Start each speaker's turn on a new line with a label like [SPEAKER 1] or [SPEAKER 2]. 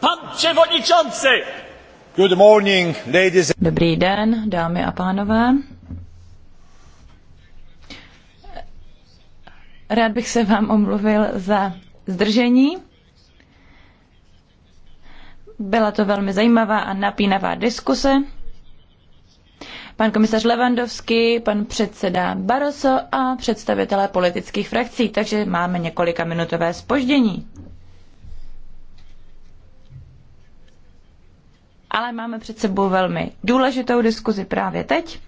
[SPEAKER 1] Pan převodničonci!
[SPEAKER 2] Good morning, ladies. Dobrý den, dámy a pánové. Rád bych se vám omluvil za
[SPEAKER 3] zdržení. Byla to velmi zajímavá a napínavá diskuse pan komisař Levandovský, pan předseda Barroso a představitelé politických frakcí, takže máme několika minutové spoždění.
[SPEAKER 4] Ale máme před sebou velmi důležitou diskuzi právě teď